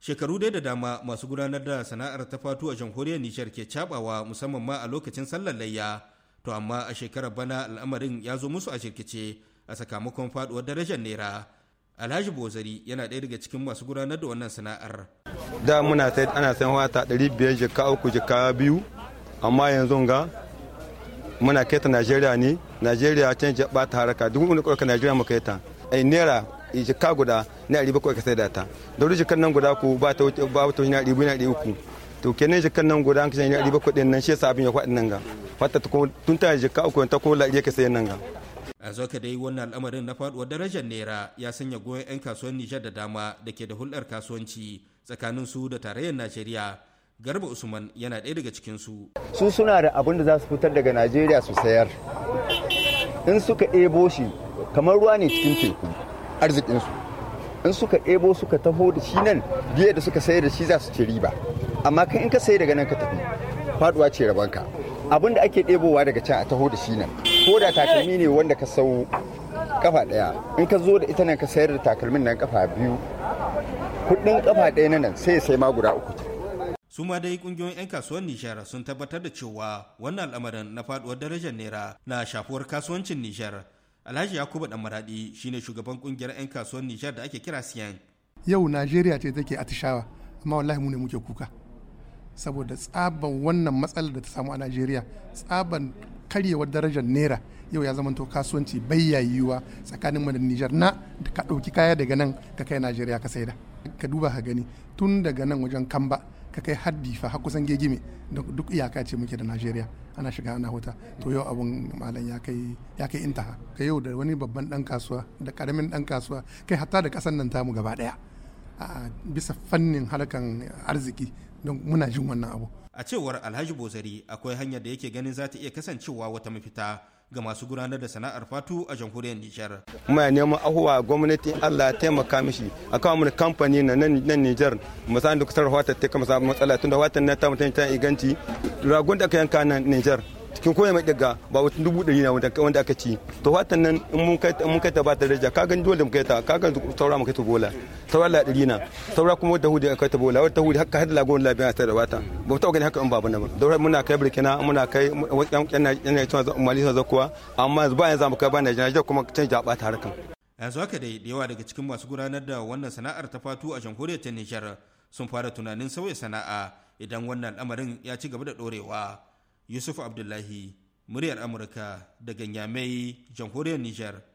shekaru dai da dama masu gudanar da sana'ar ta fatu a jamhuriyar nijar ke cabawa musamman ma a lokacin sallar layya to amma a shekarar bana al'amarin ya zo musu a shirkice a sakamakon faduwar darajar naira alhaji bozari yana ɗaya daga cikin masu gudanar da wannan sana'ar da muna sai ana sayan wata ɗari biyar jika uku jika biyu amma yanzu ga muna keta najeriya ne najeriya can jaɓa ta haraka duk wani ƙwarka najeriya mu keta ai naira jikka guda na riba bakwai ka da ta da wuri jikkan nan guda ku ba ta ba ta na ɗari na ɗari uku to kenan jikkan nan guda an kashe na ɗari bakwai ɗin nan shi yasa abin ya faɗi nan ga ta tun ta jikka uku ta ko laɗi ka sai nan ga. a zo dai wannan al'amarin na faduwar darajar naira ya sanya goyon 'yan kasuwar nijar da dama da ke da hulɗar kasuwanci tsakanin su da tarayyar najeriya garba usman yana ɗaya daga cikin su su suna da abin da za su fitar daga najeriya su sayar in suka ebo shi kamar ruwa ne cikin teku arzikinsu in suka ɗebo suka taho da shi nan biyar da suka sayar da shi za su ci riba amma kan in ka sayi daga nan ka tafi faduwa ce rabanka abin da ake ɗebowa daga can a taho da shi nan ko da takalmi ne wanda ka sau kafa ɗaya in ka zo da ita nan ka sayar da takalmin nan kafa biyu kuɗin kafa ɗaya na nan sai sai ma guda uku su ma dai kungiyoyin 'yan kasuwar Nijar sun tabbatar da cewa wannan al'amarin na faduwar darajar naira na shafuwar kasuwancin Nijar Alhaji Yakubu Dan Maradi shine shugaban kungiyar 'yan kasuwar Nijar da ake kira Siyan. Yau Najeriya ce take atishawa amma wallahi mu ne muke kuka. Saboda tsaban wannan matsalar da ta samu a Najeriya tsaban karyewar darajar naira yau ya zamanto kasuwanci bayyayiwa tsakanin mu da Nijar na ka ɗauki kaya daga nan ka kai Najeriya ka saida. ka duba ka gani tun daga nan wajen kamba ka kai haddi fa har kusan gegime duk iyaka ce muke da najeriya ana shiga ana huta to yau abun malam ya kai ya kai intaha ka yau da wani babban dan kasuwa da karamin dan kasuwa kai hatta da kasan nan tamu gaba daya a bisa fannin harkan arziki don muna jin wannan abu a cewar alhaji bozari akwai hanyar da yake ganin za ta iya kasancewa wata mafita ga masu gudanar da sana'ar fatu a jamhuriyar Nijar. Muna neman ahuwa gwamnati Allah ya taimaka mishi a kawo mana kamfani na nan Nijar musamman da kusurwa ta kama matsala tunda watan na ta mutane ta inganci ragun da aka yanka nan Nijar cikin kowane mai daga ba wata dubu ɗari na wanda aka ci to fatan nan in mun kai mun kai ta ba ta daraja ka gani dole mu kai ta ka gani saura mu kai ta bola saura la ɗari na saura kuma wata hudu kai ta bola wata hudu haka hadda lagon lafiya ta da wata ba ta gani haka in babu na ba dole muna kai burkina muna kai yan yan yan tuna mali sa zakuwa amma ba yanzu mu kai ba na Najeriya kuma canja ba ta harkan yanzu haka dai da yawa daga cikin masu gudanar da wannan sana'ar ta fatu a jamhuriyar ta Nijar sun fara tunanin sauya sana'a idan wannan al'amarin ya ci gaba da dorewa yusuf abdullahi muryar amurka daga nyamai jamhuriyar niger